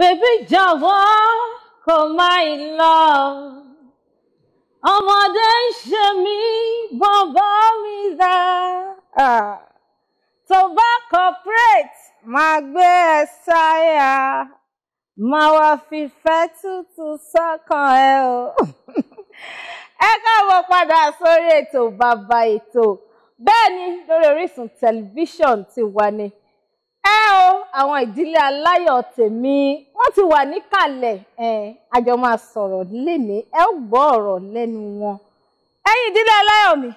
Baby jọ̀wọ́ call my love. Ọmọdé ń ṣe mí bọ̀bọ̀ mi dá. Tó bá corporate máa gbé ẹ sáyà. Máa wá fìfẹ́ tútù sọ́kàn ẹ o. Ẹ káàbọ̀ padà sórí ètò bàbá ètò. Bẹ́ẹ̀ ni lórí Orísun tẹlifíṣọ̀n ti wà ní o àwọn ìdílé aláyọ̀ tèmi wọ́n ti wà níkàlẹ̀ àjọ máa sọ̀rọ̀ léni ẹ ó gbọ́ ọ̀rọ̀ lẹ́nu wọn ẹ̀yin ìdílé aláyọ̀ mi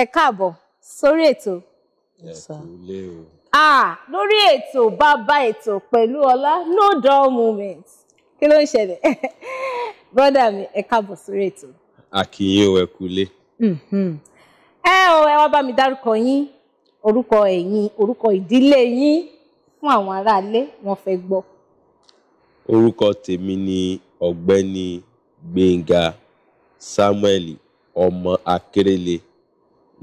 ẹ káàbọ̀ sórí ètò. lórí ètò bàbá ètò pẹ̀lú ọlá no dull moment kí ló ń ṣẹlẹ̀ brọ́dà mi ẹ káàbọ̀ sórí ètò. àkìyìn ò ẹ kúlé. Mm-hmm. ẹ ò ẹ wá bá mi dárúkọ yín orúkọ ẹ̀yin orúkọ ìdílé yín fún àwọn aráalé wọ́n fẹ́ gbọ́. orúkọ tèmi ni ọ̀gbẹ́ni gbẹ̀ngà samuel ọmọ akérèlé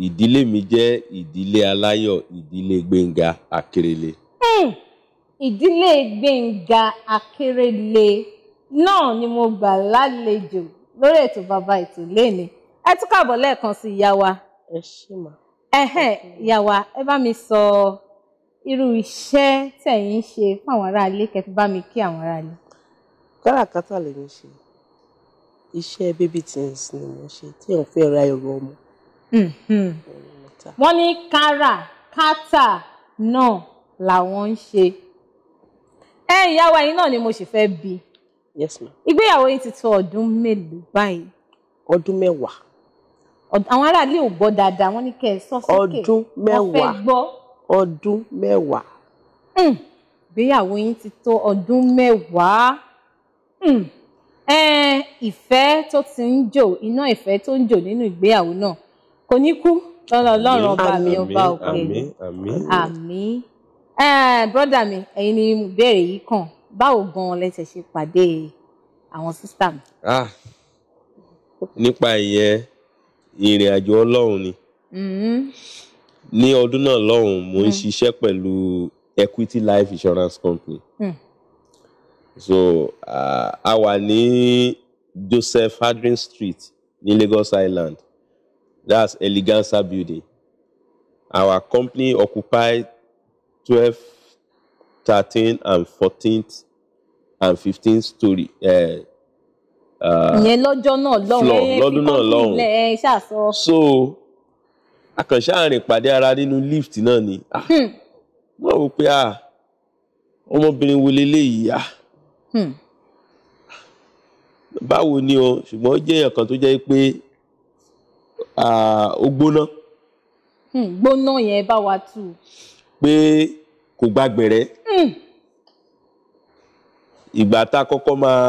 ìdílé mi jẹ́ ìdílé aláyọ̀ ìdílé gbẹ̀ngà akérèlé. Hmm, ìdílé gbẹ̀ngà akérèlé náà ni mo gbà lálejò lórí ètò bàbá ètò lẹ́ni ẹ tún kàbọ̀ lẹ́ẹ̀kan sí ìyá wa. ẹ ṣì mà. ẹhẹ́n ìyá wa ẹ bá mi sọ. So irú iṣẹ́ tẹ̀yin ń ṣe fún àwọn aráalé kẹfí bá mi kí àwọn aráalé. káràkátà lèmi ń ṣe iṣẹ́ baby things ni mo ń ṣe tí òun fẹ́ ra ẹ̀rọ ọmọ. Mm-hmm. wọ́n ní káràkátà náà làwọn ń ṣe. ẹ ìyá wa yín náà ni mo sì fẹ́ bi. yes ma. ìgbéyàwó yín ti tó ọdún mélòó báyìí. ọdún mẹ́wàá. àwọn aráalé ò gbọ́ dáadáa wọ́n ní kẹ́ ẹ sọ sókè. ọdún mẹ́wàá wọ́n fẹ́ gbọ́ ọdún mẹ́wàá. Hmm, ìgbéyàwó yín ti tó ọdún mẹ́wàá hmm, ìfẹ́ tó ti ń jò iná ìfẹ́ tó ń jò nínú ìgbéyàwó náà kò ní kú lọ́nà ọlọ́run ọba mi ọba òkè àmín àmín àmín brọ́dà mi ẹ̀yin ni ìbéèrè yìí kàn báwo gan-an lẹ ṣe ṣe pàdé àwọn sísá mi. Ah, nípa ìyẹn ìrìn àjò ọlọ́run ni. Mm-hmm ní ọdún náà lọ́hùn mo ń hmm. ṣiṣẹ́ pẹ̀lú Equity Life Insurance Company mm. so uh, a wà ní Joseph Hadrin Street ní Lagos Island that's Eleganza building our company occupied twelve thirteen and fourteenth and fifteenth story. Eh, uh, ìyẹn lọ́jọ́ náà lọ́hùn-ún lọ́dún náà lọ́hùn-ún so akànṣe àárín ìpàdé ara nínú lift náà ni ah, hmm. mo rò pé ah, ọmọbìnrin wo leléyìí yá ah. hmm. báwo ni o ṣùgbọ́n ó jẹ́ èèyàn kan tó jẹ́ pé ó gbóná. Hmm, gbóná yẹn bá wa tù. pé kò gbàgbẹ̀rẹ́ ìgbà tá a kọ́kọ́ máa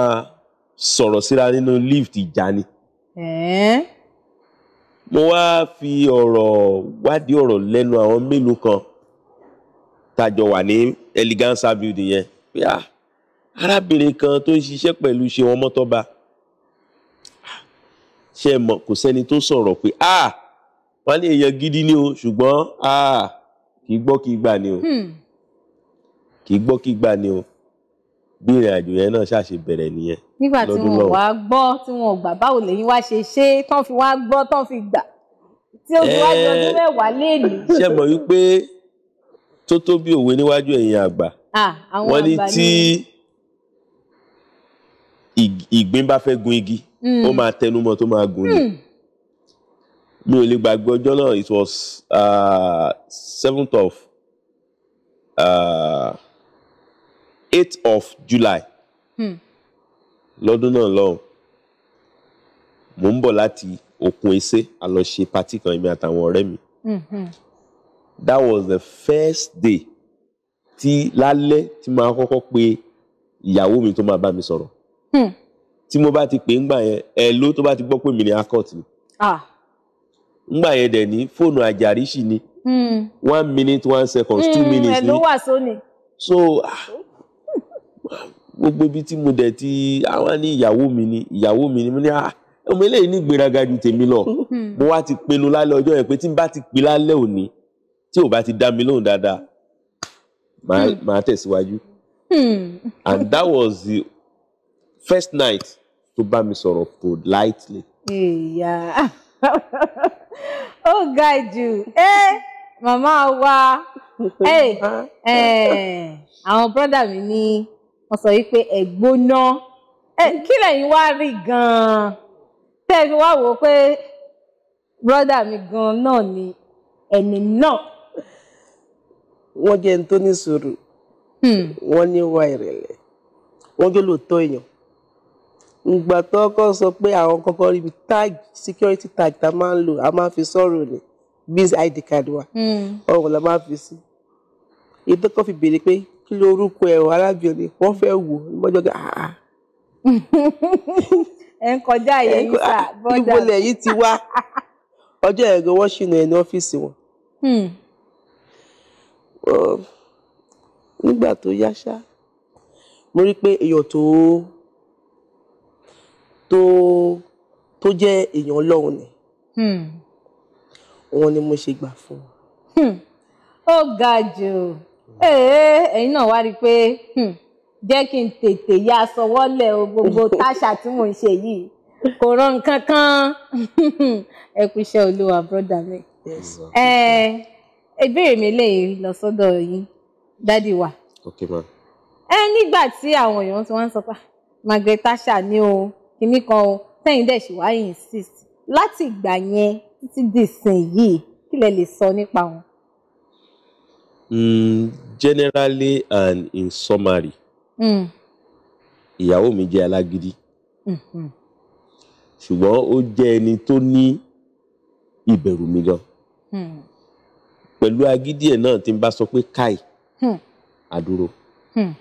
sọ̀rọ̀ síra nínú lift ìjà ni. mo wá fi ọ̀rọ̀ wádìí ọ̀rọ̀ lẹ́nu àwọn mélòó kan tàjọ wà ní eleganza building yẹn pé à ah, arábìnrin kan tó ń ṣiṣẹ́ pẹ̀lú ṣe wọn mọ́tọ́ba ṣe mọ̀ kò sẹ́ni tó sọ̀rọ̀ pé ah, wọ́n lè yan gidi ni o ṣùgbọ́n à kì í gbọ́ kì í gbà ni o kì í gbọ́ kì í gbà ni o. Hmm bí ìrìn àjò yẹn náà ṣàṣe bẹ̀rẹ̀ nìyẹn. nígbà tí wọn wá gbọ́ tí wọn gbà báwo lẹ́yìn wá ṣe ṣe tán fi wá gbọ́ tán fi gbà tí ó fi wá ọdún mẹ́wàá léèlì. ṣé mọ̀ wípé tó tó bí òwe níwájú ẹ̀yin àgbà wọ́n ní tí ìgbín bá fẹ́ gun igi hmm. ó máa tẹnumọ́ tó máa gùn ni hmm. mi ò lè gbàgbé ọjọ́ náà it was uh, seventh uh, of. Uh, 8th of July hmm. lọ́dún náà lọ́hùn mò ń bọ̀ láti òkun ẹsẹ̀ a lọ ṣe pati kan èmi àtàwọn ọ̀rẹ́ mi mm-hmm. that was the first day tí lálẹ́ tí máa kọ́kọ́ pe ìyàwó mi tó máa bá mi sọ̀rọ̀ hmm. tí mo bá ti pè é ńgbà yẹn ẹ ló tó bá ti gbọ́ pé mi ni akọ́ọ̀tì ni ah. ńgbà yẹn dẹ̀ ní fóònù àjàrí ni hmm. one minute one second two minutes ni so ah, gbogbo ibi tí mo dẹ̀ ti àwọn ní ìyàwó mi ni ìyàwó mi ni mo ní ah ọmọ eléyìí ní ìgbéraga ju tèmi lọ hmm. mo wá ti pinnu lálẹ́ ọjọ́ yẹn pé tí n bá ti pin lálẹ́ òní tí ò bá ti dá mi lóhùn dáadáa màá hmm. tẹ̀síwájú hmm. and that was the first night tó bá mi sọ̀rọ̀ politely. ìyá ó ga jù ẹ eh, màmá wa eh, ah. eh, àwọn brọ́dà mi ní. wọ́n sọ wípé ẹ gbóná kí lẹ́yìn wá rí gan-an tẹ́ ẹ fi wá wò ó pé brọ́dà mi gan-an náà ni ẹni náà. wọ́n jẹ́ tó ní sùúrù hmm. wọ́n ní wá ìrẹ̀lẹ̀ wọ́n jẹ́ lóòótọ́ èèyàn ìgbà tó kọ́ sọ pé àwọn kọ́kọ́ rí tag security tag tá a máa ń lò a máa fi sọ̀rọ̀ ni biz id card wa hmm. ọ̀hún la máa fi sí ìdókòfì béèrè pé kí ló orúkọ ẹ o arábìnrin wọ́n fẹ́ wò lọ́jọ́ kí àá. Ah, ah. ẹ ń kọjá ẹyẹ yìí sá ah, bọ́dà ibo lẹ́yìn ti wá ọjọ́ ẹ̀rọ wọ́n ṣìnà ẹ̀ ní ọ́fíìsì wọn. Hmm. nígbà tó yá ṣá mo rí pé èèyàn tó tó tó jẹ́ èèyàn ọlọ́run ni hmm. òun ni mo ṣe gbà fún un. Hmm. ó ga jù ee ẹ̀yin náà wá rí i pé hmm, jẹ́ kí n tètè ya sọwọ́lẹ̀ o gbogbo táṣà tí mò ń ṣe yìí kò rán nǹkan kan ẹ kú iṣẹ́ olúwa brọ́dà mi. ìbéèrè mi léyìí lọ sọ́dọ̀ yín dádì wa. ẹ nígbà tí àwọn èèyàn ti wá ń sọ pé Margaret Tasha ní o kìíní kan o tẹ̀yìn dẹ̀ ṣì wá insist láti ìgbà yẹn títí dìsìn yìí kí lẹ lè sọ nípa wọn um, generally and in summary mm. ìyàwó mi jẹ́ alágídí mm-hmm. ṣùgbọ́n ó jẹ́ ẹni tó ní ìbẹ̀rù mi gan mm. pẹ̀lú agídí ẹ̀ náà tí n bá sọ pé káì àdúró hmm. hmm.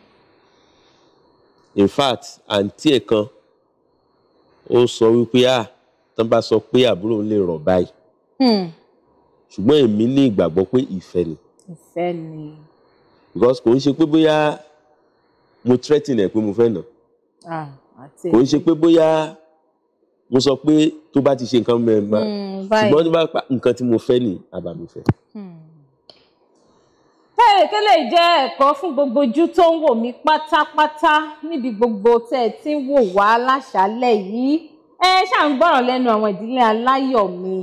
in fact àǹtí ẹ̀ kan ó sọ wípé à ah, tán bá sọ pé àbúrò lè rọ̀ báyìí hmm. ṣùgbọ́n èmi ní ìgbàgbọ́ pé ìfẹ́ ni ìfẹ́ ni. because kò ń ṣe pé bóyá mo threaten ẹ pé mo fẹ́ nà kò ń ṣe pé bóyá mo sọ pé tó bá ti ṣe nǹkan mẹ́rin hmm, bá ṣùgbọ́n tó bá pa nǹkan tí mo fẹ́ ni àbá mi fẹ́. Hmm. kẹ́lẹ́kẹ́lẹ́ jẹ́ ẹ̀kọ́ fún gbogbo ojú tó ń wò mí pátápátá níbi gbogbo tẹ́ ẹ ń wò wá láṣálẹ̀ yìí ẹ ṣáà ń gbọ́ràn lẹ́nu àwọn ìdílé aláyọ̀ mi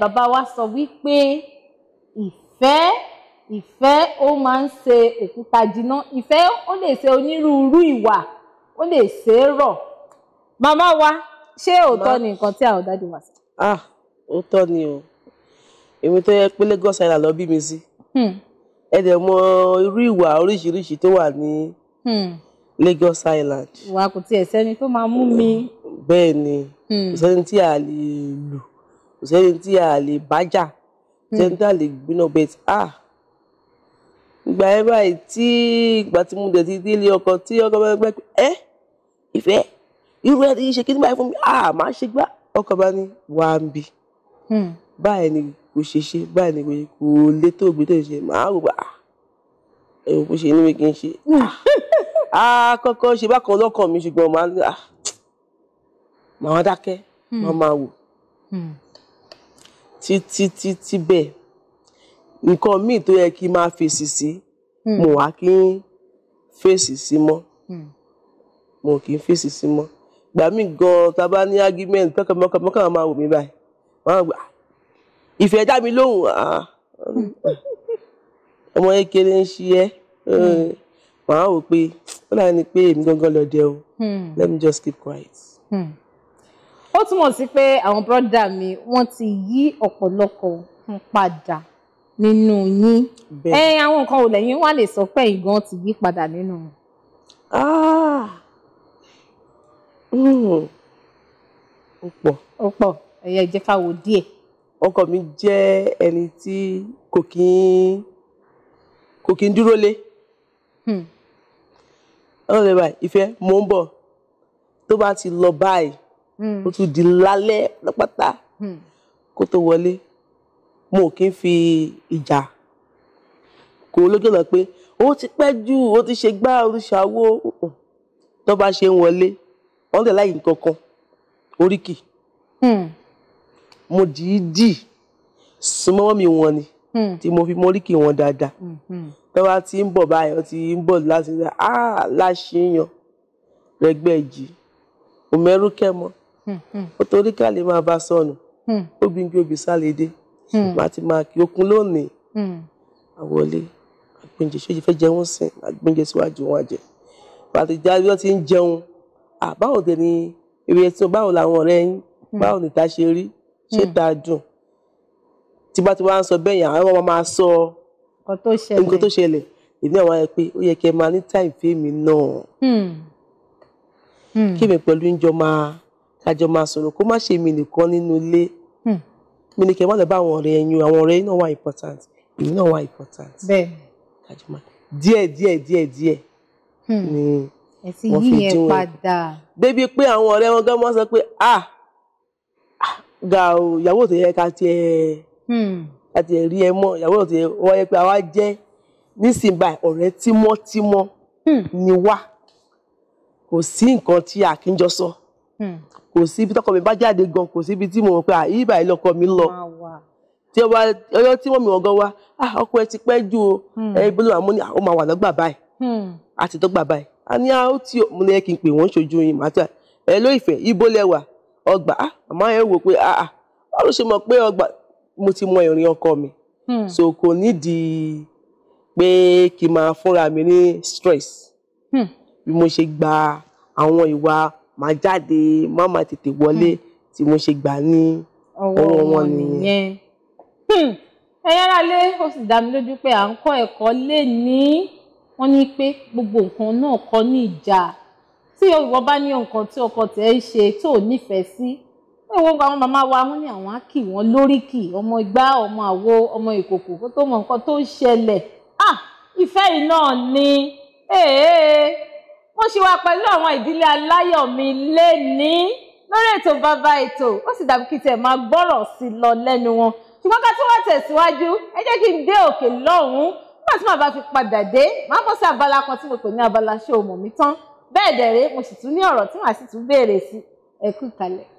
bàbá wa sọ wípé ìfẹ́ ìfẹ́ ó máa ń ṣe òkúta jìnnà ìfẹ́ ó lè ṣe onírúurú ìwà ó lè ṣe é rọ̀ màmá wa ṣé òótọ́ ni nǹkan tí àwọn dáàdi wà sí. ah òótọ́ ni o èmi tó yẹ pé Lagos Island lọ bí mi sí hmm. ẹ dẹ̀ mọ irú ìwà oríṣiríṣi tó wà ní hmm. Lagos Island. ìwà kò tiẹ̀ sẹ́ni tó máa mú mi. bẹ́ẹ̀ ni hmm. kò sẹ́ni tí a lè lù kò sẹ́ni tí a lè bájà jẹ́ńdà lè gbiná bẹ́ẹ̀ ah ìgbà yẹn báyìí tí ìgbà tí mo dẹ̀ ti délé ọkọ tí ọkọ bá gbẹ pé ẹ ìfẹ́ irú ẹ ti ṣe kí ní báyìí fún mi ah máa ṣe gbá ọkọ bá ní wà á ń bi hmm. báyìí ni kò ṣe ṣe báyìí ni kò lè tó ògbé tó ṣe máa rò bá ẹ ò kò ṣe ní mi kì ṣe hmm. ah kọ́kọ́ ṣe bákan lọ́kàn mi ṣùgbọ́n màá ah, dákẹ́ hmm. màá máa wò títí títí bẹ́ẹ̀ nǹkan míì tó yẹ kí n máa fèsì sí hmm. mo wá kí n fèsì sí mọ́ hmm. mo kì í fèsì sí mọ́ gbà mí gan ta bá ní argument tọkàn mọ́kàn mọ́kàn máa wò mí báyìí wọ́n á gbà ah, ìfẹ́ dá mi lóhùn ah, hmm. ọmọ kékeré ń ṣí ẹ́ màá wò pé ó láyé ni pé èmi gangan lọ dẹ o let me just keep quiet. Hmm ó túmọ̀ sí pé àwọn brọ́dà mi wọ́n ti yí ọ̀pọ̀lọpọ̀ padà nínú yín ẹ àwọn nǹkan ò lẹ́yìn wà lè sọ pé ìgan ti yí padà nínú wọn. Ah! Hmm. ó pọ̀ ó pọ̀ ẹ̀yẹ jẹ́ ká wo díẹ̀. ọkọ mi jẹ́ ẹni tí kò kí ń kò kí ń dúró lé. Hmm. ọ̀rẹ́ báyìí ìfẹ́ mò ń bọ̀ tó bá ti lọ báyìí Hmm. ó tún di lálẹ́ pátápátá hmm. kó tó wọlé mo kì í fi ìjà kó lójú ọ̀nà pé ó ti pẹ́ jù ó ti ṣe gbá oríṣàwó tó bá ṣe ń wọlé wọ́n tẹ̀ láyé nǹkan kan oríkì hmm. mo dìídì súnmọ́ mi wọn ni tí mo fi mọ́ríkì wọn dáadáa tó bá ti ń bọ̀ báyọ̀ ti ń bọ̀ láti ṣe àá láṣìíyàn rẹ̀gbẹ́ jì òmẹ́rú kẹ́mọ́ Hmm, hmm. o torí ká lè máa bá sọnù hmm. ó gbìngbìn obì sálédé má ti máa kí okun lónìí àwọlé àgbẹ̀njẹ ṣé ìfẹ́ jẹun sìn àgbẹ̀njẹ síwájú wọn àjẹ pàtó jáde wọn ti ń jẹun àbáwò dé ni eré tí báwo làwọn ọ̀rẹ́ yín báwo nìta ṣe rí ṣé ta dùn tí bá ti wá ń sọ bẹ́ẹ̀ yẹn àwọn ọmọ máa sọ nǹkan tó ṣẹlẹ̀ èmi àwọn ayẹ pé ó yẹ kí ẹ máa ní táìmù fèmí náà kí èmi pẹ̀lú ń jọ máa kájọ máa sọ̀rọ̀ kó má ṣe mi nìkan nínú ilé mi hmm. nìkan má lọ bá àwọn ọ̀rẹ́ ẹyin àwọn ọ̀rẹ́ náà wà important èmi náà wà important bẹ́ẹ̀ kájọ máa díẹ̀ díẹ̀ díẹ̀ díẹ̀ hmm. ni wọ́n fi dín wọn débi pé àwọn ọ̀rẹ́ wọn gán mọ́ sọ pé ah ga o ìyàwó tó yẹ ká tiẹ̀ hmm. ká tiẹ̀ rí ẹ mọ́ ìyàwó tó yẹ wọ́n yẹ pé àwa jẹ́ nísìnyí ọ̀rẹ́ tímọ́tímọ́ ni wá kò sí nǹkan tí a kì í sọ kò sí ibi tọkọ mi bá jáde gan kò sí ibi tí mo mọ̀ pé àyè ìbàyè lọkọ mi lọ tí ó bá ọyọ tí wọn mi wọn gan wá ọkọ ẹ ti pẹ́ jù o ẹ ibi ló wà mú ni ó máa wà lọ́gbà báyìí àti hmm. dọ́gbà báyìí a ní àwọn tí mo ní ẹ kí n pè wọ́n ṣojú yín màá tà ẹ ló ìfẹ́ ibo lẹwà ọgbà ah màmá ẹ wò pé ah ah báwo ṣe mọ̀ pé ọgbà mo ti mọ ìrìn ọkọ mi hmm. so kò nídìí pé kí n máa fúnra mi ní stress hmm. bí mo ṣe gba àwọn ìwà máa jáde má máa tètè wọlé hmm. tí mo ṣe gbà ní ọwọ́ wọn nìyẹn. ẹyẹ hmm. aráalé ó sì dá mi lójú pé à ń kọ́ ẹ̀kọ́ lé ní wọ́n ní pé gbogbo nǹkan náà kọ́ ní ìjà tí ìwọ bá ní nǹkan tí ọkọ tẹ̀ ń ṣe tó o nífẹ̀ẹ́ sí wọ́n gba àwọn màmá wa wọ́n ní àwọn á kì wọ́n lóríkì ọmọ ìgbà ọmọ àwo ọmọ ìkòkò tó mọ nǹkan tó ń ṣẹlẹ̀ ah ìfẹ́ yìí náà ni. Hey, mo ṣì wà pẹ̀lú àwọn ìdílé aláyọ̀ mi léni lórí ètò bàbá ètò ó sì dàbí kí tiẹ̀ máa gbọ́rọ̀ sí i lọ lẹ́nu wọn ṣùgbọ́n ká tó wá tẹ̀síwájú ẹ jẹ́ kí n dé òkè lọ́hùn-ún nígbà tí màá bá fi padà dé màá bọ́ sí abala kan tí mo pè ní abala ṣé o mọ̀ mi tán bẹ́ẹ̀ dẹ̀rẹ́ mo sì tún ní ọ̀rọ̀ tí màá sì tún béèrè sí ẹ ìkàlẹ̀.